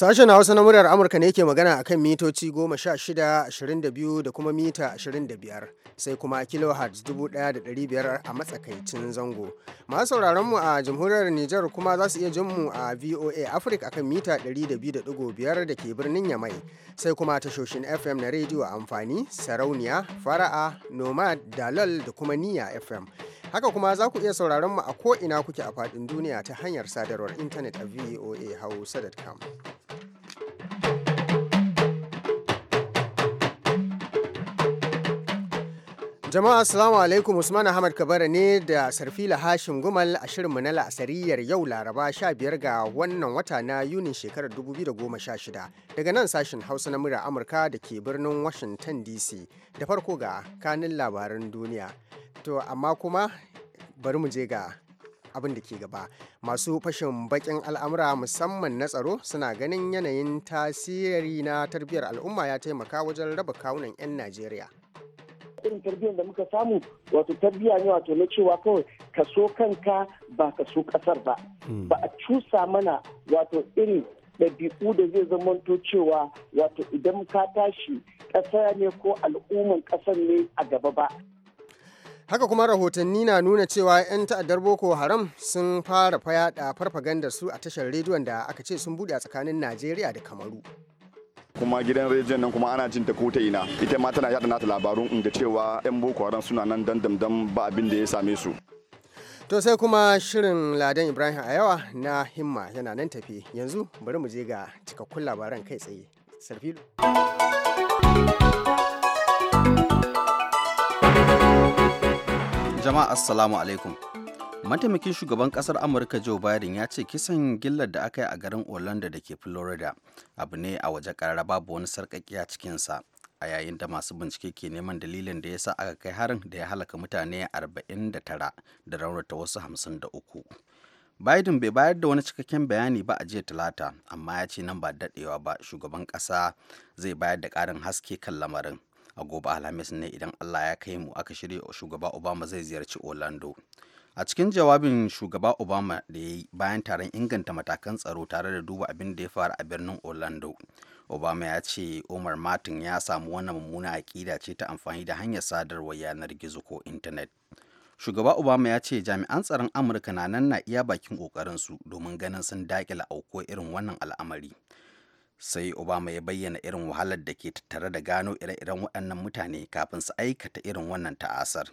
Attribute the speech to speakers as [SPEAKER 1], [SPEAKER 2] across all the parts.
[SPEAKER 1] Sashen Hausa na muryar Amurka ne ke magana akan mitoci 16, 22 da kuma mita 25 sai kuma kilohertz 1500 a matsakaicin zango. Masu sauraron mu a jamhuriyar Nijar kuma za su iya jin mu a VOA Africa akan mita 200.5 da ke birnin Yamai sai kuma tashoshin FM na rediyo amfani, sarauniya, fara'a, nomad, dalal da kuma niya FM. Haka kuma za ku iya sauraron mu a ko ina kuke a faɗin duniya ta hanyar sadarwar intanet a voa hausa.com. Jama'a Assalamu alaikum Usman Ahmad Kabara ne da Sarfila Hashim Gumal a shirinmu na la'asariyar yau Laraba 15 ga wannan wata na Yunin shekarar 2016 daga nan sashin Hausa na murya Amurka da ke birnin Washington DC da farko ga kanin labaran duniya. To amma kuma bari mu je ga abin da ke gaba masu fashin bakin al'amura musamman na tsaro suna ganin yanayin tasiri na tarbiyyar al'umma ya taimaka wajen raba kawunan 'yan najeriya
[SPEAKER 2] irin tarbiyyar da muka samu wato tarbiyya ne wato na cewa kawai ka so kanka ba ka so kasar ba hmm. ba a cusa mana wato irin ɗabi'u da zai zamanto cewa wato idan ka tashi ƙasa ne ko al'umman ƙasar ne a gaba ba
[SPEAKER 1] haka kuma rahotanni na nuna cewa 'yan ta'addar boko haram sun fara fayaɗa farfaganda su a tashar rediyon da aka ce sun buɗe a tsakanin najeriya da kamaru
[SPEAKER 3] kuma gidan rediyon nan kuma ana jin ta ko ta ina ita ma tana yada nata labarun inda cewa yan boko haram suna nan dandamdam ba abin da ya same su
[SPEAKER 1] to sai kuma shirin ladan ibrahim a yawa na himma yana nan tafi yanzu bari mu je ga cikakkun labaran kai tsaye sarfilu
[SPEAKER 4] jama'a assalamu alaikum mataimakin shugaban kasar amurka joe biden ya ce kisan gillar da aka yi a garin orlando da ke florida abu ne a waje karara babu wani sarkakiya cikinsa a yayin da masu bincike ke neman dalilin da ya sa aka kai harin da ya halaka mutane 49 da raunata wasu 53 biden bai bayar da wani cikakken bayani ba a jiya talata amma ya ce nan ba daɗewa ba shugaban ƙasa zai bayar da ƙarin haske kan lamarin a gobe alhamis ne idan allah ya kai mu aka shirya shugaba obama zai ziyarci orlando a cikin jawabin shugaba obama da ya yi bayan taron inganta matakan tsaro tare da duba abin da ya faru a birnin orlando obama ya ce omar martin ya samu wannan mummuna aƙida ce ta amfani da hanyar sadarwar yanar gizo ko intanet shugaba obama ya ce jami'an tsaron amurka na nan na iya bakin ƙoƙarinsu domin ganin sun daƙila auko irin wannan al'amari sai obama ya bayyana irin wahalar da ke tattare da gano ire-iren waɗannan mutane kafin su aikata irin wannan ta'asar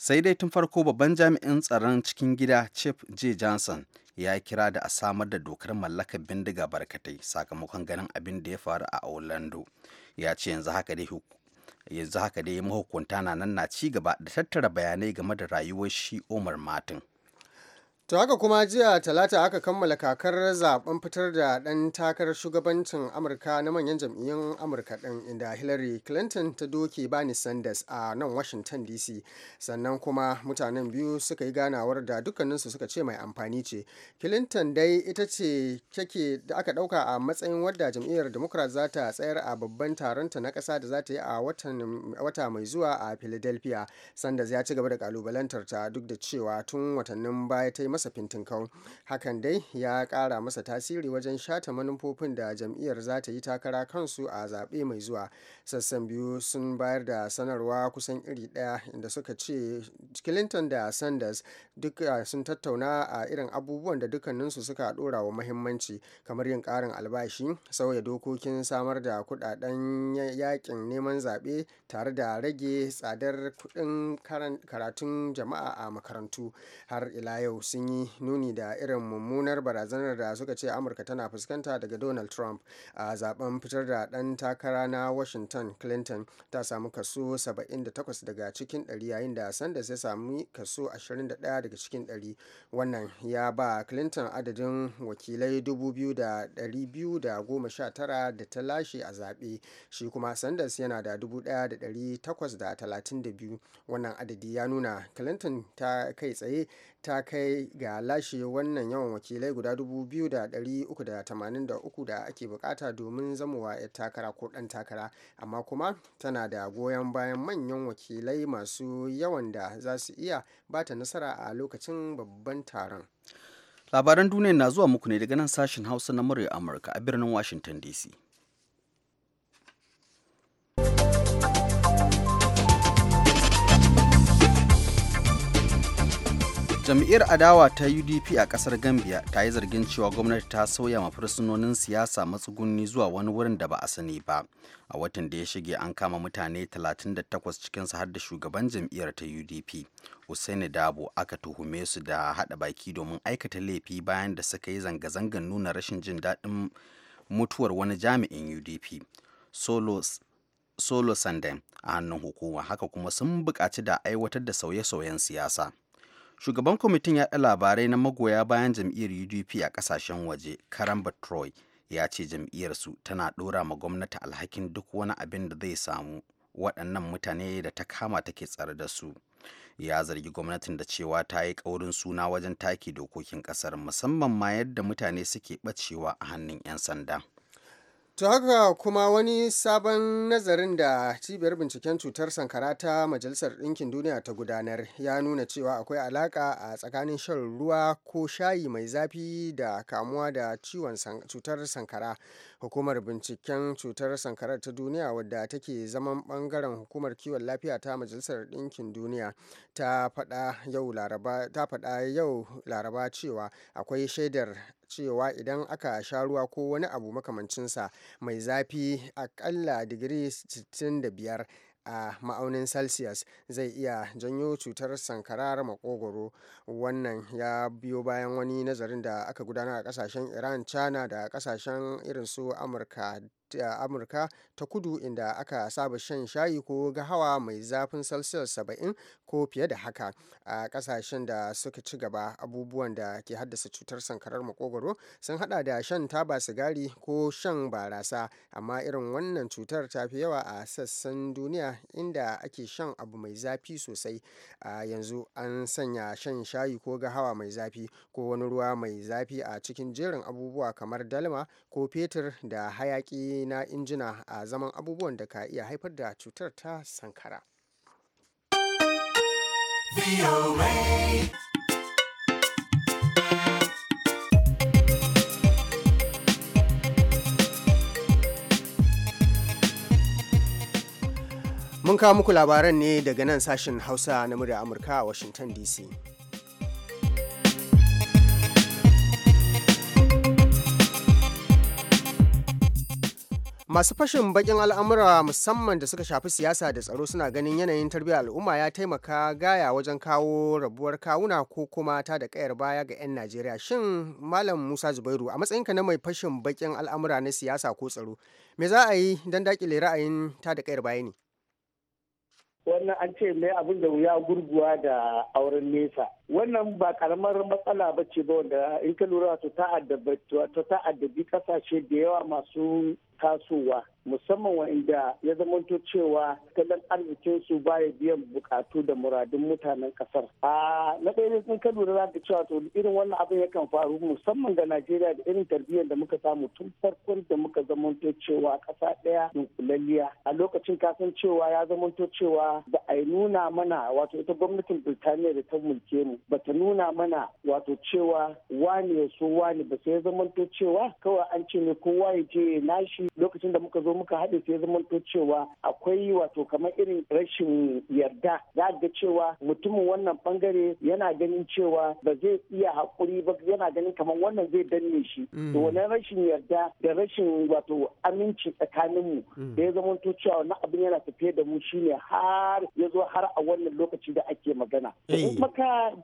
[SPEAKER 4] sai dai tun farko babban jami'in tsaron cikin gida chief j johnson ya kira da a samar da dokar mallakar bindiga barkatai sakamakon ganin abin da ya faru a orlando ya ce yanzu haka dai yanzu haka dai mahukunta na nan na ci gaba da tattara bayanai game da rayuwar shi omar martin
[SPEAKER 1] To haka kuma jiya talata aka kammala kakar zaben fitar da ɗan takarar shugabancin Amurka na manyan jam'iyyun Amurka ɗin inda Hillary Clinton ta doke bani Sanders a nan Washington DC. Sannan kuma mutanen biyu suka yi ganawar da dukkaninsu suka ce mai amfani ce. Clinton dai ita ce kake da aka ɗauka a matsayin wadda jam'iyyar Democrat za ta tsayar a babban taronta na kasa da za ta yi a wata mai zuwa a Philadelphia. Sanders ya ci gaba da kalubalantar ta duk da cewa tun watannin baya ta yi masa hakan dai ya kara masa tasiri wajen shata manufofin da jam'iyyar za ta yi takara kansu a zaɓe mai zuwa sassan biyu sun bayar da sanarwa kusan iri ɗaya inda suka ce clinton da sanders duka sun tattauna a irin abubuwan da dukkaninsu suka ɗora wa mahimmanci kamar yin ƙarin albashi sauya dokokin samar da kuɗaɗen yakin neman zaɓe tare da rage tsadar kuɗin karatun jama'a a makarantu har ila yau sun yi nuni da irin mummunar barazanar da suka ce amurka tana fuskanta daga donald trump a zaben fitar da dan takara na washington clinton ta samu kaso 78 daga cikin 100 yayin da sanders ya sami kaso 21 daga cikin 100 wannan ya ba clinton adadin wakilai 2,219 da ta lashe a zaɓe shi kuma sanders yana da 1,832 wannan adadi ya nuna clinton ta kai tsaye ta kai ga lashe wannan yawan wakilai guda 2,383 da ake bukata domin zamowa 'yar takara ko dan takara amma kuma tana da goyon bayan manyan wakilai masu yawan da za su iya bata nasara a lokacin babban taron.
[SPEAKER 4] labaran duniya na zuwa muku ne daga nan sashen hausa na murya amurka a birnin washington dc jam'iyyar adawa ta udp a kasar gambia ta yi zargin cewa gwamnati ta sauya ma fursunonin siyasa matsugunni zuwa wani wurin da ba a sani ba a watan da ya shige an kama mutane 38 cikinsu har da shugaban jam'iyyar ta udp Usaini Dabo aka tuhume su da hada baki domin aikata laifi bayan da suka yi zanga zangan nuna rashin jin daɗin mutuwar wani jami'in UDP Solo sunday a hannun hukuma haka kuma sun buƙaci da aiwatar da sauye-sauyen siyasa. shugaban kwamitin yaɗa labarai na magoya bayan jam'iyyar udp a ƙasashen waje karamba troy ya ce jam'iyyarsu tana ɗora ma gwamnati alhakin duk wani abin da zai samu waɗannan mutane da ta kama take tsare da su ya zargi gwamnatin da cewa ta yi ƙaurin suna wajen taki dokokin ƙasar musamman ma yadda mutane suke ɓacewa a hannun 'yan sanda.
[SPEAKER 1] to haka kuma wani sabon nazarin da cibiyar binciken cutar sankara ta majalisar ɗinkin duniya ta gudanar ya nuna cewa akwai alaƙa a tsakanin shan ruwa ko shayi mai zafi da kamuwa da ciwon cutar sankara hukumar binciken cutar sankarar ta duniya wadda take zaman bangaren hukumar kiwon lafiya ta majalisar ɗinkin duniya ta faɗa yau laraba cewa akwai shaidar cewa idan aka sha ruwa ko wani abu makamancinsa mai zafi akalla digiri 65 a ma'aunin celsius zai iya janyo cutar sankarar makogoro wannan ya biyo bayan wani nazarin da aka gudanar a kasashen iran china da kasashen irin su amurka amurka ta kudu inda aka saba shan shayi ko gahawa mai zafin celsius 70 ko fiye da haka a kasashen da suka ci gaba abubuwan da ke haddasa cutar sankarar makogwaro sun hada da shan taba sigari ko shan barasa amma irin wannan cutar ta fi yawa a sassan duniya inda ake shan abu mai zafi sosai a yanzu an sanya shan shayi ko gahawa mai zafi ko wani ruwa mai zafi a cikin jerin abubuwa kamar dalma ko fetur da hayaki na injina a zaman abubuwan da ka iya haifar da cutar ta sankara. Mun kawo muku labaran ne daga nan sashen Hausa na murya Amurka a Washington DC. masu fashin bakin al'amura musamman da suka shafi siyasa da tsaro suna ganin yanayin tarbiyyar al'umma ya taimaka gaya wajen kawo rabuwar kawuna ko kuma ta da kayar baya ga 'yan najeriya shin malam musa zubairu a matsayinka na mai fashin bakin al'amura na siyasa ko tsaro me za a yi don dakile ra'ayin ta da kayar baya ne
[SPEAKER 2] wannan an ce mai abin da wuya gurguwa da auren nesa wannan ba karamar matsala ba ce ba wanda in ka lura wato ta addabi kasashe da yawa masu tasowa musamman wa'inda ya zamanto cewa tattalin arzikinsu baya biyan bukatu da muradun mutanen kasar. A na ɗaya sun ka lura da ka cewa to irin wannan abin yakan faru musamman ga Najeriya da irin tarbiyyar da muka samu tun farkon da muka to cewa ƙasa ɗaya dunkulalliya. A lokacin san cewa ya zamanto cewa da a nuna mana wato ita gwamnatin Birtaniya da ta mulke mu bata nuna mana wato cewa wani ya so wani ba sai ya zamanto cewa kawai an ce ne kowa ya je nashi lokacin da muka zo muka haɗe sai ya zamanto cewa akwai wato kamar irin rashin yarda za ga cewa mutumin wannan bangare yana ganin cewa ba zai iya haƙuri ba yana ganin kamar wannan zai danne shi mm. to wannan rashin yarda da rashin wato aminci tsakaninmu da mm. ya zamanto cewa wannan abin yana tafiye da mu shine har ya zo har a wannan lokaci da ake magana. Eh.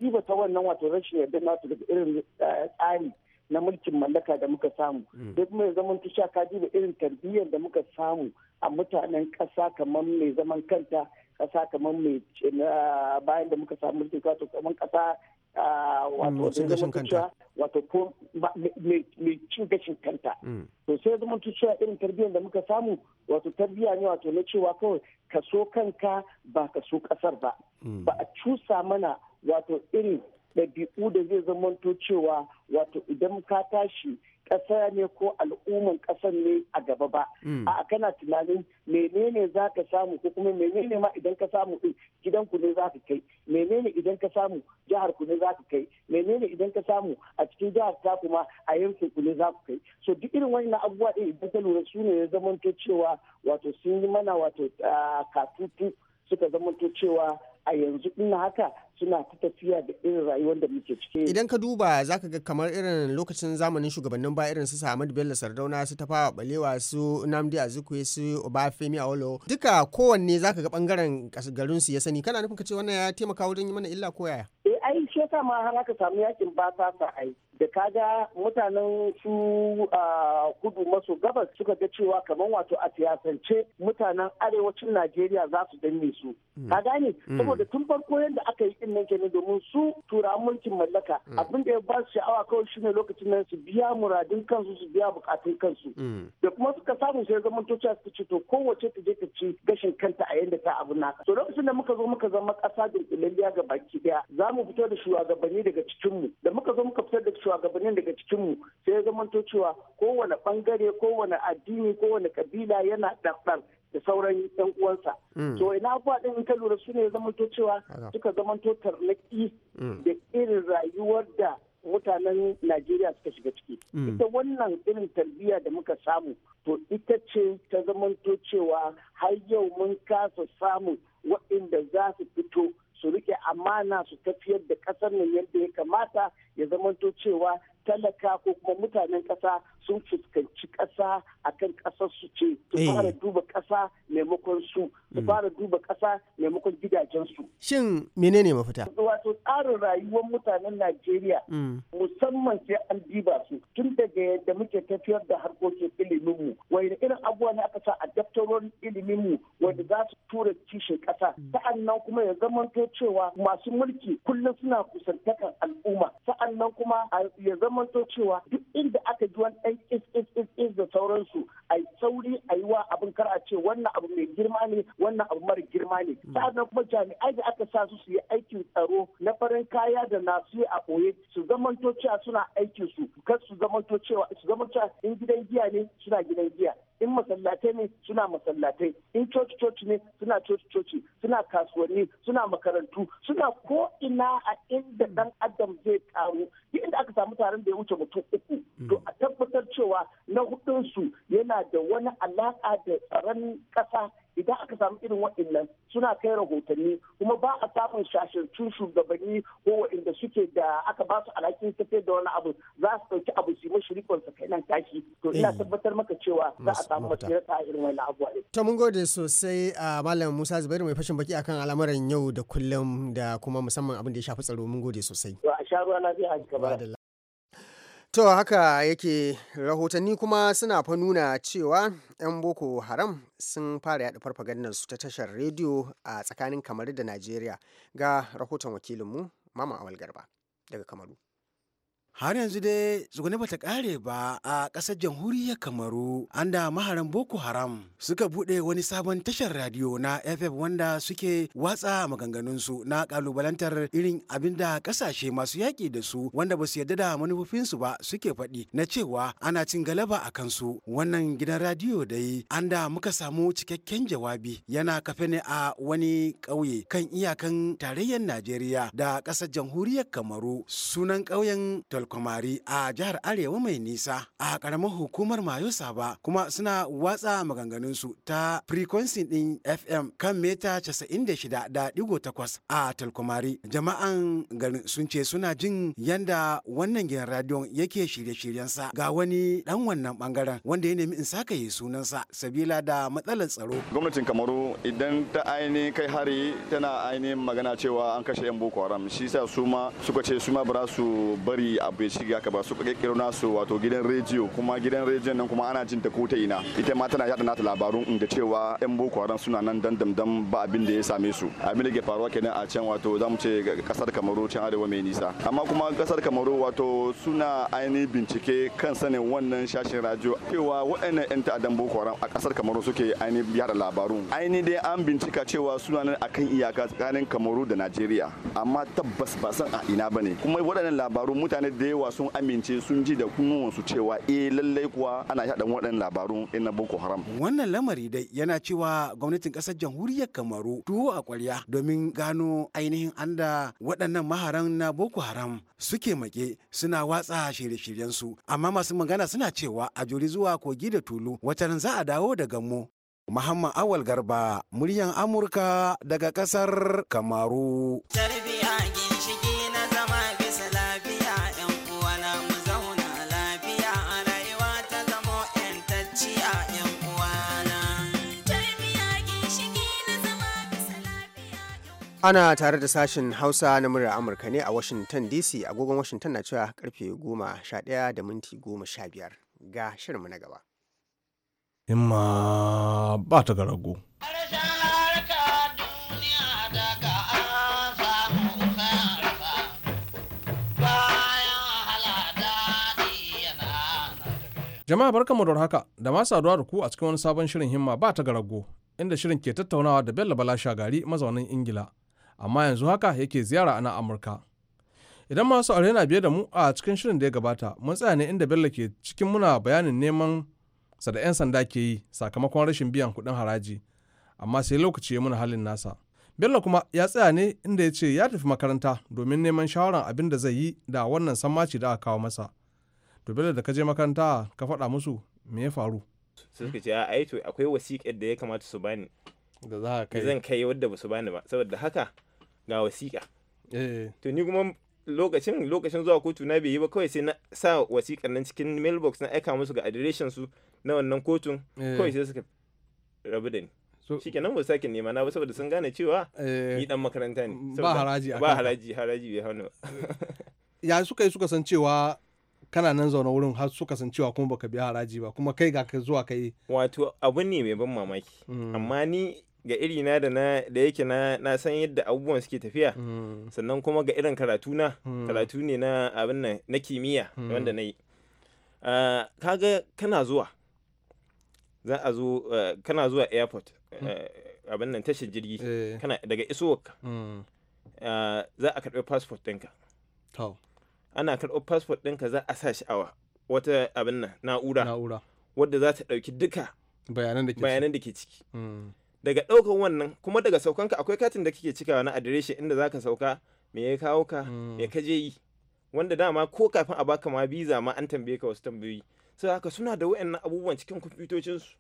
[SPEAKER 2] diba ta wannan wato rashin yarda nasu daga irin eh, tsari na mulkin mallaka da muka samu hmm. da kuma ya zama tusha ka duba irin tarbiyyar da muka samu a mutanen ƙasa kamar mai zaman kanta ƙasa kamar mai eh, bayan da muka samu mulkin kwato kamar ƙasa eh, hmm, wato zama tusha wato ko mai cin gashin kanta hmm. to sai zama tusha irin tarbiyyar da muka samu wato tarbiyya ne wato na cewa kawai ka so kanka ba kaso so ƙasar ba ba a cusa mana wato irin ɗabi'u da zai zamanto cewa wato idan ka tashi ƙasa ne ko al'umman ƙasar ne a gaba ba hmm. a kana tunanin menene za ka samu ko kuma menene ma idan ka samu din ku ne za ka kai menene idan ka samu jihar ku ne za ka kai menene idan ka samu a cikin jihar ta kuma a yankin ku ne za ku kai so duk irin wannan abubuwa ɗin idan ka lura su ne ya zamanto cewa wato sun yi mana wato ah, katutu suka zamanto cewa a yanzu din haka suna ta tafiya da irin rayuwar da muke ciki.
[SPEAKER 1] Idan ka duba za ga kamar irin lokacin zamanin shugabannin ba irin su Ahmadu Bello Sardauna su Tafawa Balewa su Nnamdi Azikwe su Obafemi Awolowo. duka kowanne za ga bangaren garin su ya sani kana nufin ka ce wannan ya taimaka wajen yi mana illa ko yaya?
[SPEAKER 2] Eh ai shi ma har aka samu yakin ba ta sa ai da kaga mutanen su a kudu maso gabas suka ga cewa kamar wato a siyasance mutanen arewacin najeriya za su danne su hmm. ka gane hmm. saboda tun farko yadda aka yi din nan kenan domin su turawan mulkin mallaka hmm. abin da ya ba su sha'awa kawai shine lokacin nan su biya muradin kansu su biya bukatun kansu da kuma suka samu sai zaman tocha su ce to kowace ta je ta ci gashin kanta a yadda ta abu naka to lokacin da muka zo muka zama kasa dunkulalliya ga baki daya za mu fito da shugabanni daga cikinmu da muka zo muka fitar da shugabannin daga cikinmu sai ya zamanto cewa kowane bangare kowane addini kowane kabila yana ɗarɗar da sauran yan uwansa mm. to ina ku ɗin in ka lura su ne ya zamanto cewa suka zamanto tarnaki mm. da irin rayuwar da mutanen Najeriya suka shiga ciki. Mm. Ita wannan irin tarbiyya da muka samu, to ita ce ta zamanto cewa har yau mun kasa samun waɗanda za su fito su rike amana su tafiyar da ƙasar nan yadda ya kamata ya zamanto cewa talaka ko kuma mutanen ƙasa sun fuskanci ƙasa akan kasar su ce su eh. fara duba ƙasa maimakon su su mm. fara duba ƙasa maimakon gidajen su. Shin
[SPEAKER 1] menene mafita?
[SPEAKER 2] Wato tsarin rayuwar mutanen Najeriya mm. musamman sai an diba su tun daga yadda muke tafiyar da harkokin ilimin mu. wani irin abubuwa ne aka sa a ilimin mu wanda za su tura kishin ƙasa mm. sa'annan kuma ya zamanto cewa masu mulki kullum suna kusantakan al'umma sa'annan kuma ya zama zamanto cewa duk inda aka ji wani ɗan is is is da sauransu a sauri a yi wa abin kar a ce wannan abu mai girma ne wannan abu mara girma ne hmm. sa'annan kuma jami'ai da aka sa su su yi aikin tsaro na farin kaya da na su a ɓoye su zamanto cewa suna aikin su kar su zamanto cewa su zamanto in gidan giya ne suna gidan giya in masallatai ne suna masallatai in coci coci ne suna coci coci suna kasuwanni suna makarantu suna ko ina a inda dan hmm. adam zai karu samu taron da ya wuce mutum uku hmm. to a tabbatar cewa na hudunsu yana da wani alaka da tsaron ƙasa idan aka samu irin waɗannan suna kai rahotanni kuma ba a samun shashircin shugabanni ko waɗanda suke da aka ba su alhakin tafiyar da wani abu za su ɗauki abu su yi mashi rikon sa kai nan tashi to ina eh. tabbatar maka cewa za a samu matsirata a irin wani abuwa ne.
[SPEAKER 1] ta mun gode sosai a malam musa zubairu mai fashin baki akan al'amuran yau da kullum da kuma musamman abin da ya shafi tsaro mun gode sosai.
[SPEAKER 2] wa a sha ruwa lafiya a gaba.
[SPEAKER 1] To haka yake rahotanni kuma suna fa nuna cewa 'yan Boko Haram sun fara yaɗa farfagandar su ta tashar rediyo a tsakanin Kamaru da Najeriya ga rahoton wakilinmu Mama Awal Garba daga Kamaru.
[SPEAKER 5] har yanzu dai tsugune bata kare ba a ƙasar jamhuriyar kamaru an da maharan boko haram suka bude wani sabon tashar radiyo na ff wanda suke watsa maganganunsu na kalubalantar irin abinda ƙasashe masu yaƙi da su wanda basu yarda da manufofinsu ba suke faɗi na cewa ana cin galaba a kansu wannan gidan radiyo dai an da muka samu cikakken jawabi yana kafe ne a wani ƙauye kan iyakan tarayyar najeriya da ƙasar jamhuriyar kamaru sunan ƙauyen kwamari a jihar arewa mai nisa a karamar hukumar mayo saba kuma suna watsa maganganunsu ta frequency din fm kan meta 96.8 a talkomari jama'an garin sun ce suna jin yanda wannan gidan radiyon yake shirye shiryen sa ga wani dan wannan bangaren wanda ya nemi in yi sunansa sabila da matsalar tsaro
[SPEAKER 3] gwamnatin kamaru idan ta aini kai hari tana ainihin magana cewa an kashe yan boko haram shi sa su suka ce su ma su bari a Beshir ya ba su kirkiro nasu wato gidan rediyo kuma gidan rediyo nan kuma ana jin ta ko ta ina ita ma tana yada nata labarun ga cewa yan boko haram suna nan damdam ba abin da ya same su abin da ke faruwa kenan a can wato za mu ce kasar Kamaru can arewa mai nisa amma kuma kasar Kamaru wato suna ainihin bincike kan sanin wannan shashin radio cewa waɗannan yan ta'addan boko haram a kasar Kamaru suke ainihin yada labarun ainihin dai an bincika cewa suna nan akan iyaka tsakanin Kamaru da Najeriya amma tabbas ba san a ina bane kuma waɗannan labarun mutane da da yawa sun amince sun ji da kunnuwansu cewa eh lallai kuwa ana yaɗa waɗannan labaru na boko haram wannan lamari dai
[SPEAKER 5] yana cewa gwamnatin ƙasar jamhuriyar kamaru tuwo a ƙwarya domin gano ainihin anda waɗannan maharan na boko haram suke make suna watsa shirye-shiryensu amma masu magana suna cewa a juri zuwa kogi da tulu watan za a dawo da gammo Muhammad Awal Garba, muryan Amurka daga ƙasar Kamaru.
[SPEAKER 1] ana tare da sashen hausa na murar amurka ne a washington dc agogon washington na cewa karfe goma da minti ga shirinmu na gaba
[SPEAKER 6] imma ba ta garago Jama'a barkanmu da haka da ma saduwa da ku a cikin wani sabon shirin himma ba ta garago inda shirin ke tattaunawa da Bello Bala Shagari mazaunin Ingila amma yanzu haka yake ziyara a nan amurka idan masu aure na biye da mu a cikin shirin da ya gabata mun tsaya ne inda bello ke cikin muna bayanin neman sa da 'yan sanda ke yi sakamakon rashin biyan kuɗin haraji amma sai lokaci ya muna halin nasa bello kuma ya tsaya ne inda ya ce ya tafi makaranta domin neman shawaran abin da zai yi da wannan sammaci da aka kawo masa to bello da ka je makaranta ka faɗa musu me ya faru
[SPEAKER 7] sai suka ce ai to akwai wasiƙar da ya kamata su bani da za kai zan kai wadda ba su bani ba saboda haka ga wasiƙa eh. to ni kuma lokacin lokacin zuwa kotu na bai yi ba kawai sai na sa wasiƙar nan cikin mailbox na aika musu ga adireshin su na wannan kotun eh. kawai sai suka rabu da ni shi kenan ba sake nema na ba saboda sun gane cewa eh. ni dan makaranta ne ba haraji ba haraji haraji bai hannu
[SPEAKER 6] ya suka yi suka san cewa kana nan zaune wurin har suka san cewa kuma baka biya haraji ba kuma kai ga ka zuwa kai
[SPEAKER 7] wato abu ne mai ban mamaki hmm. amma ni ga iri na da da yake na na san yadda abubuwan suke tafiya mm. sannan kuma ga irin karatu na mm. karatu ne na abin nan na kimiyya mm. wanda na yi ah, kaga kana zuwa za a zo eh, kana zuwa airport eh, abin nan tashin jirgi eh. kana daga isowarka ah, za a karɓi passport ɗinka ana karɓar passport ɗinka za a sa shi awa wata abin nan na'ura wadda za ta ɗauki duka bayanan da ke ciki daga ɗaukan wannan kuma daga saukanka akwai katin da kake cikawa na adireshi inda zaka sauka me ya kawo ka hmm. me ka je yi wanda dama ko kafin a baka ma biza ma an tambaye ka wasu tambayoyi sai haka suna da wayannan abubuwan cikin kwamfutocinsu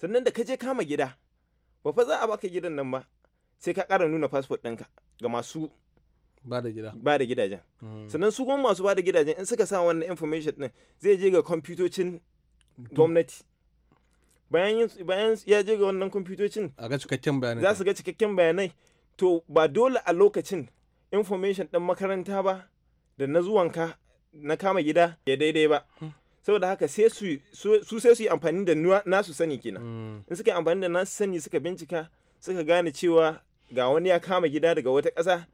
[SPEAKER 7] sannan da ka je kama gida ba fa za a baka gidan nan ba sai ka ƙara nuna fasfot ɗinka ga masu Bada da gida ba da gidajen hmm. sannan su kuma masu ba da gidajen in suka sa wannan information din zai je ga kwamfutocin gwamnati bayan bayan ya je ga wannan kwamfutocin
[SPEAKER 6] a ga cikakken bayanai za
[SPEAKER 7] su ga cikakken bayanai to ba dole a lokacin information ɗan makaranta ba da na zuwanka na kama gida ya daidai ba hmm. saboda haka sai su su sai su yi amfani da nasu sani kenan hmm. in suka yi amfani da nasu sani suka bincika suka gane cewa ga wani ya kama gida daga wata ƙasa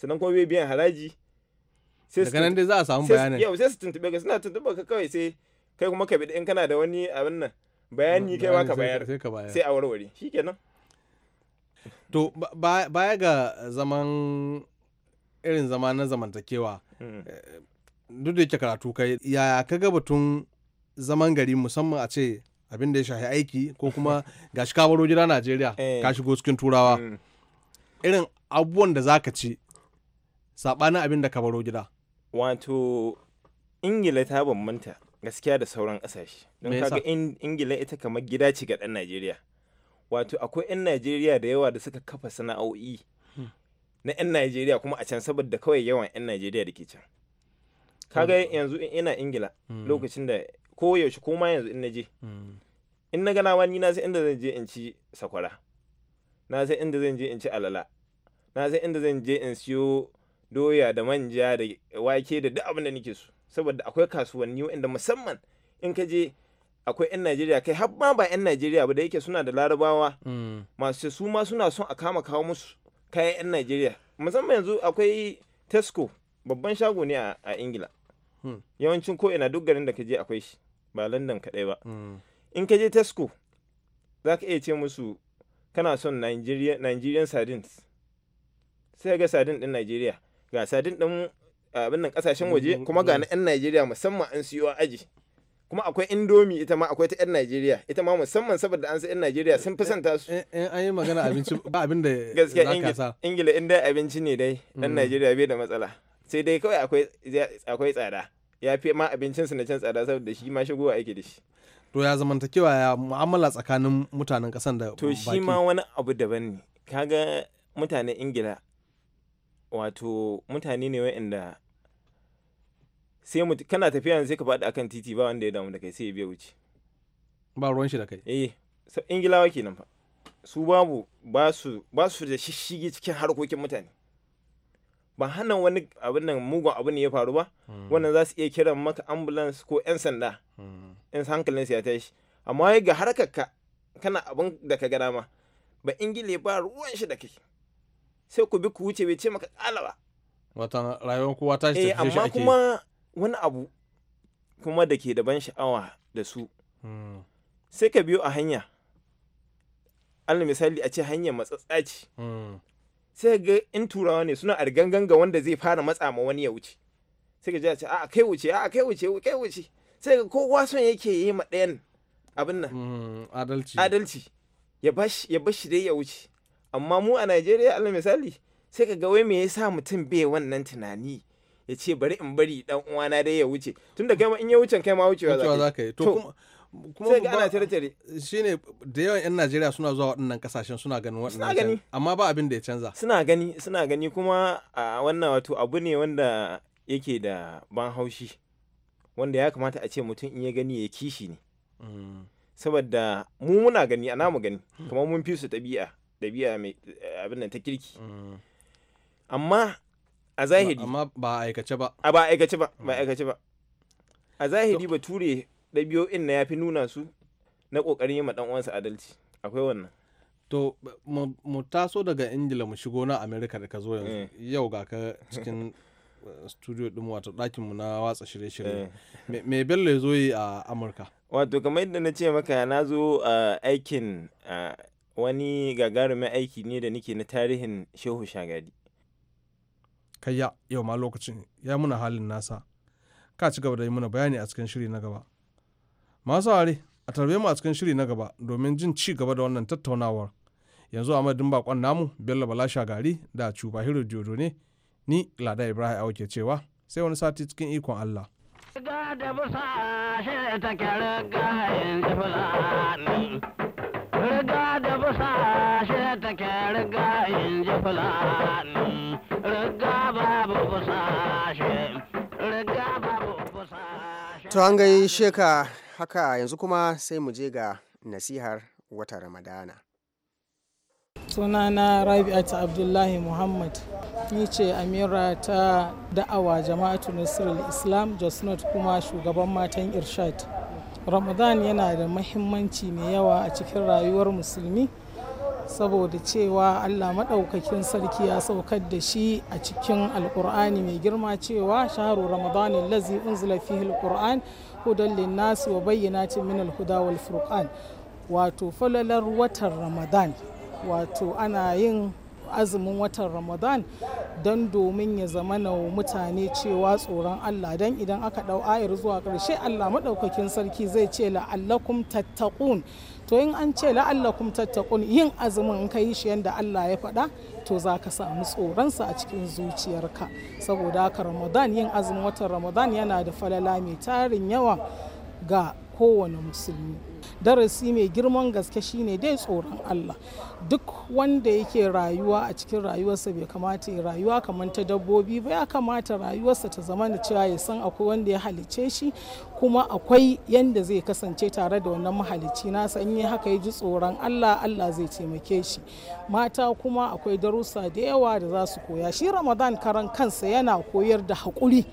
[SPEAKER 7] sannan kuma bai biyan haraji daga nan dai za a samu bayanin yau sai su tuntube ka suna tuntube ka kawai sai kai kuma ka bi in kana da wani abin nan bayani kai ma ka bayar sai a warware kenan
[SPEAKER 6] to baya ga zaman irin zama na zamantakewa hmm. eh, duk da yake karatu kai yaya ka ga batun zaman gari musamman a ce abin da ya shahi aiki ko kuma gashi shi baro gida Najeriya eh. ka shigo cikin turawa hmm. irin abubuwan da zaka ci saɓanin abin da ka baro gida
[SPEAKER 7] wato ingila ta bambanta gaskiya da sauran ƙasashe don kaga ingila ita kamar gida ce ga ɗan najeriya wato akwai 'yan najeriya da yawa da suka kafa sana'o'i hmm. na 'yan najeriya kuma a can saboda kawai yawan 'yan najeriya da ke can kaga yanzu ina ingila hmm. lokacin da ko yaushe ko ma yanzu in hmm. na je in na gana wani na sai inda zan je in ci sakwara na sai inda zan je in ci alala na sai inda zan je in siyo doya da manja da wake da duk abin da nake so saboda akwai kasuwanni wanda musamman in ka je akwai 'yan Najeriya kai har ba 'yan Najeriya ba da yake suna da larabawa mm. masu su ma suna son a kama kawo musu kayan 'yan Najeriya musamman yanzu akwai Tesco babban shago ne a Ingila hmm. yawancin ko ina duk garin da ka je akwai shi ba London kaɗai ba hmm. in ka je Tesco za ka iya ce musu kana son Nigerian sardines sai ga sardine ɗin Najeriya ga sardine ɗin abin nan kasashen waje kuma ga na 'yan Najeriya musamman an siyo aji kuma akwai indomi ita ma akwai ta 'yan Najeriya ita ma musamman saboda an sa 'yan Najeriya sun fi son ta su in eh,
[SPEAKER 6] eh, eh, an yi magana abinci ba abin da ka sa
[SPEAKER 7] Ingila in dai abinci ne
[SPEAKER 6] dai dan mm.
[SPEAKER 7] Najeriya bai da matsala sai dai kawai akwai akwai tsada ya fi ma abincinsu na can tsada saboda shi ma shigowa ake da shi
[SPEAKER 6] to ya zamantakewa ya mu'amala tsakanin mutanen kasan da to shi ma
[SPEAKER 7] wani abu daban ne kaga mutanen ingila wato mutane ne wa'anda sai mu kana tafiya sai ka faɗi akan titi ba wanda ya damu da kai sai ya biya wuce
[SPEAKER 6] ba ruwan shi da kai
[SPEAKER 7] eh ingilawa kenan fa su babu ba su ba su da shishigi cikin harkokin mutane ba hannan wani abin nan mugun abu ne ya faru ba hmm. wannan za su iya kiran maka ambulance ko yan sanda hmm. in hankalin su ya tashi amma ga harkar ka kana abin da ka gada ma ba ingile ba ruwan shi da kai sai ku bi ku wuce bai ce maka kala ba
[SPEAKER 6] rayuwar kowa ta eh, shi amma kuma
[SPEAKER 7] wani abu kuma da ke da ban sha'awa da su hmm. sai ka biyo a hanya an misali a ce hanyar matsatsa ce hmm. sai ga in turawa ne suna argangan ga wanda zai fara matsa ma wani ya wuce sai ka ji a ce a kai wuce a kai wuce kai wuce sai ga kowa son yake yi ma ɗayan abin nan hmm, adalci adalci ya bashi ya bashi dai ya wuce amma mu a Najeriya alal misali sai ka ga wai me yasa mutum bai wannan tunani ya ce bari in bari dan uwana dai ya wuce tunda kai ma in ya wuce kai ma wucewa za ka yi to
[SPEAKER 6] kuma sai ga ana tare-tare shine da yawan 'yan najeriya suna zuwa waɗannan kasashen suna ganin waɗannan amma ba abin da ya canza suna gani suna gani kuma a
[SPEAKER 7] wannan wato abu ne wanda yake da ban haushi wanda ya kamata a ce mutum in ya gani ya kishi ne mm. saboda mu muna gani ana mu gani kamar mun fi su ɗabi'a ɗabi'a mai eh, abin nan ta kirki mm. amma a zahiri amma ba a aikace ba a ba a aikace ba ba a mm. aikace ba a zahiri bature ɗabi'o'in na ya fi nuna su na ƙoƙarin yi ma ɗan uwansa adalci akwai wannan
[SPEAKER 6] to mu taso daga ingila mu shigo na america da ka zo yanzu mm. yau ga ka cikin eh, studio ɗin wato mu na watsa shirye-shirye mm. me bello ya zo yi a amurka
[SPEAKER 7] wato kamar yadda na ce maka na zo eh, aikin eh, wani gagarumin aiki ne da nake na tarihin shehu shagadi
[SPEAKER 6] kayya yau ma lokacin ya muna halin nasa ka ci gaba da yi muna bayani a cikin shiri na gaba masu are a tarbe mu a cikin shiri na gaba domin jin ci gaba da wannan tattaunawar yanzu a madadin bakon namu bello balasha gari da cuba hiro jodo ne ni lada ibrahim auke cewa sai wani sati cikin ikon allah
[SPEAKER 5] da busa shi ta riga da busa shi ta riga in ji fulani
[SPEAKER 1] To an gai sheka haka yanzu kuma sai mu je ga nasihar wata Ramadana.
[SPEAKER 8] Sunana Rabi'atu Abdullahi Muhammad ni ce Amira ta da'awa jama'atu Nasirul Islam Josnot kuma shugaban matan Irshad. Ramadan yana da mahimmanci mai yawa a cikin rayuwar musulmi. saboda cewa Allah maɗaukakin sarki ya saukar da shi a cikin Alƙur'ani mai girma cewa shaharu ramadanin lazi unzila fihi Alƙur'an. hudan linnasi wa bayyanatin min alhuda wal furqan wato falalar watan ramadan wato ana yin azumin watan ramadan don domin ya zama na mutane cewa tsoron Allah don idan aka ɗau ayar zuwa ƙarshe Allah maɗaukakin sarki zai ce la'allakum tattaqun to in an ce la'allakum tattaqun yin azumin in ka yi shi yadda Allah ya faɗa to za ka samu tsoronsa a cikin zuciyarka saboda haka Ramadan yin azumin watan Ramadan yana da falala mai tarin yawa ga kowane musulmi darasi mai girman gaske shine dai tsoron Allah duk wanda yake rayuwa a cikin rayuwarsa bai kamata ya rayuwa kamar ta dabbobi ba ya kamata rayuwarsa ta zama da cewa ya san akwai wanda ya halice shi kuma akwai yanda zai kasance tare da wannan mahalicci nasa in yi haka ya ji tsoron Allah Allah zai taimake shi mata kuma akwai darussa da yawa da za su koya shi Ramadan karan kansa yana koyar da haƙuri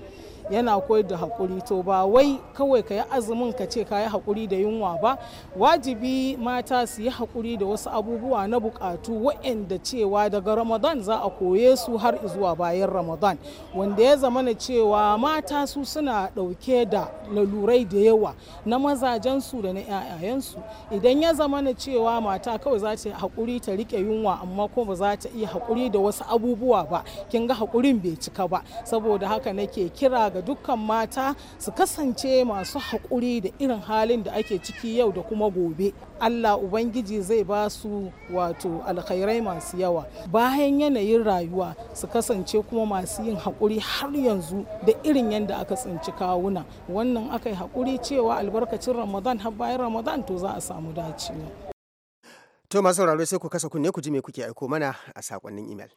[SPEAKER 8] yana koyar da hakuri to ba wai kawai ka yi azumin ka ce ka yi haƙuri da yunwa ba wajibi mata su yi haƙuri da wasu abubuwa na buƙatu waɗanda cewa daga ramadan za a koye su har zuwa bayan ramadan wanda ya zama na cewa mata su suna ɗauke da lalurai da yawa na mazajensu da na 'ya'yayensu idan ya zama na cewa mata kawai za ta hakuri ta rike yunwa amma ko ba za ta iya haƙuri da wasu abubuwa ba kin ga haƙurin bai cika ba saboda haka nake kira ga dukkan mata su kasance masu haƙuri da irin halin da ake ciki yau da kuma gobe allah ubangiji zai ba su wato alkhairai masu yawa bayan yanayin rayuwa su kasance kuma masu yin haƙuri har yanzu da irin yadda aka tsinci kawuna wannan aka yi haƙuri cewa albarkacin ramadan har bayan ramadan to za a samu dacewa
[SPEAKER 1] to masu sai ku kasa kunne ku ji me kuke aiko mana a sakonnin imel.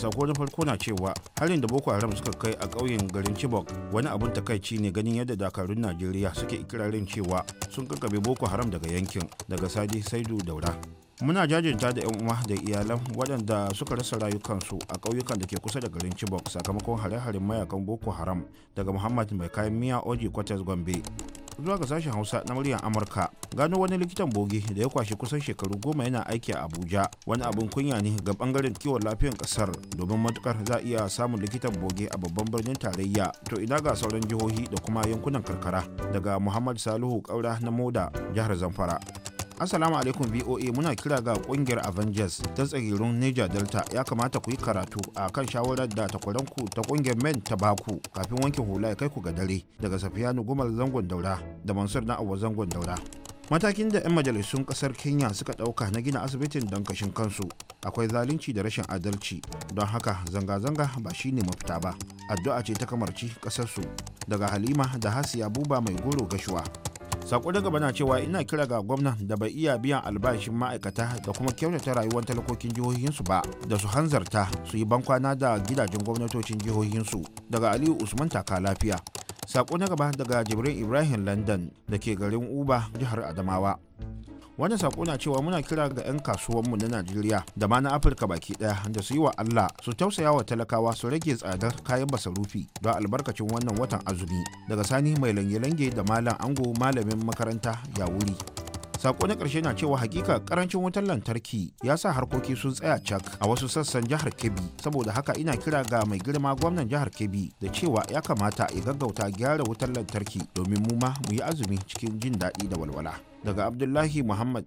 [SPEAKER 9] sako na farko na cewa harin da boko haram suka kai a ƙauyen garin chibok wani abin takaici ne ganin yadda dakarun najeriya suke ikirarin cewa sun karkabe boko haram daga yankin daga sadi saidu daura muna jajinta da 'yan uwa da iyalan waɗanda suka rasa rayukansu a ƙauyukan da ke kusa da garin chibok sakamakon hare-haren mayakan boko haram daga muhammad mai kayan miya oji kwatas gombe zuwa ga sashen hausa na muryar amurka gano wani likitan bogi da ya kwashe kusan shekaru goma yana aiki a abuja wani abin kunya ne ga bangaren kiwon lafiyar kasar domin matukar za a iya samun likitan bogi a babban birnin tarayya to ina ga sauran jihohi da kuma yankunan karkara daga muhammad salihu kaura na moda jihar zamfara Assalamu alaikum VOA muna kira ga kungiyar Avengers ta tsagirin Niger Delta ya kamata ku yi karatu a kan shawarar da takwaranku ta kungiyar men ta baku kafin wankin hula ya kai ku ga dare daga Safiyanu Gumal zangon daura da Mansur na Awa zangon daura. Matakin da 'yan majalisun kasar Kenya suka ɗauka na gina asibitin don kashin kansu akwai zalunci da rashin adalci don haka zanga-zanga ba shine mafita ba. Addu'a ce ta kamarci ƙasarsu daga Halima da Hasiya Buba mai goro gashuwa. sako na gaba na cewa ina kira ga gwamna da bai iya biyan albashin ma'aikata da kuma kyautata rayuwar talakokin jihohinsu ba da su hanzarta su yi bankwana da gidajen gwamnatocin jihohinsu daga aliyu usman taka lafiya sako na gaba daga jibrin ibrahim london da ke garin uba jihar adamawa wannan sako na cewa muna kira ga 'yan kasuwanmu na najeriya da ma na afirka baki daya da su yi wa allah su tausaya wa talakawa su rage tsadar kayan basarufi don albarkacin wannan watan azumi daga sani mai lange-lange da malam ango malamin makaranta ya wuri sako na karshe na cewa hakika karancin wutar lantarki ya sa harkoki sun tsaya cak a wasu sassan jihar kebbi saboda haka ina kira ga mai girma gwamnan jihar kebbi da cewa ya kamata ya gaggauta gyara wutar lantarki domin mu ma mu yi azumi cikin jin daɗi da walwala daga abdullahi muhammad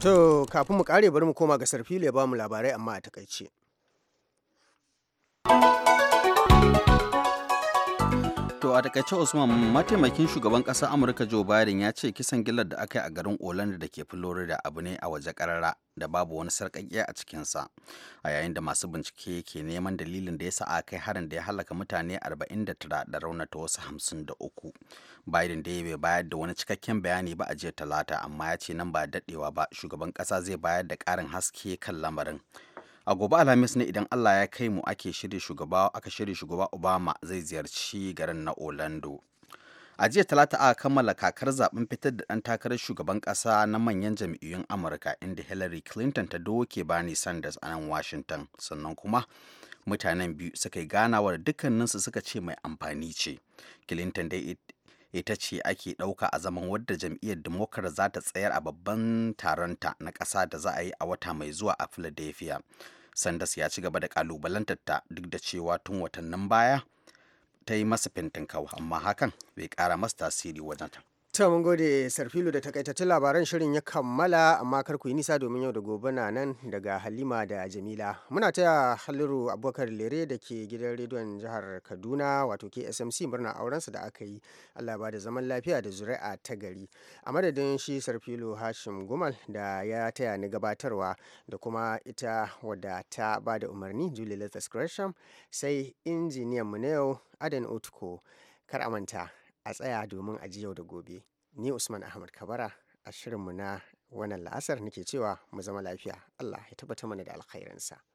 [SPEAKER 1] to kafin mu kare bari mu koma ga sarfile ba mu labarai amma a takaice
[SPEAKER 4] To a takaice Usman mataimakin shugaban ƙasar Amurka Joe Biden ya ce kisan gillar da aka yi a garin Orlando da ke Florida abu ne a waje karara da babu wani sarƙaƙiya a cikinsa. A yayin da masu bincike ke neman dalilin da ya sa aka yi harin da ya halaka mutane 49 da raunata wasu 53. Biden da ya bai bayar da wani cikakken bayani ba a jiya talata amma ya ce nan ba daɗewa ba shugaban ƙasa zai bayar da ƙarin haske kan lamarin. a gobe alhamis ne idan allah ya kai mu ake shirya shugaba aka shirya shugaba obama zai ziyarci garin na orlando a jiya talata aka kammala kakar zaben fitar da ɗan takarar shugaban ƙasa na manyan jam'iyyun amurka inda hillary clinton ta doke bernie sanders a nan washington sannan kuma mutanen biyu suka yi ganawar dukkaninsu suka ce mai amfani ce clinton dai ita ce ake ɗauka a zaman wadda jam'iyyar demokar za ta tsayar a babban taronta na ƙasa da za a yi a wata mai zuwa a philadelphia sanders ya ci gaba da ƙalubalantar ta duk da cewa tun watannin baya ta yi masa fintin kau amma hakan bai kara masa tasiri wajen
[SPEAKER 1] Ta mun gode Sarfilu da takaitattun labaran shirin ya kammala amma kar ku yi nisa domin yau da gobe na nan daga Halima da Jamila. Muna taya Haliru Abubakar Lere da ke gidan rediyon jihar Kaduna wato KSMC murna aurensa da aka yi Allah ba da zaman lafiya da zuri'a ta gari. A madadin shi Sarfilu Hashim Gumal da ya taya ni gabatarwa da kuma ita wadda ta ba da umarni Julie Lathas Gresham sai injiniyan mu na yau Aden Otuko. Kar a manta a tsaya domin a yau da gobe. Ni Usman Ahmad Kabara a shirinmu na wannan la'asar nake cewa mu zama lafiya. Allah ya tabbata mana da alkhairinsa.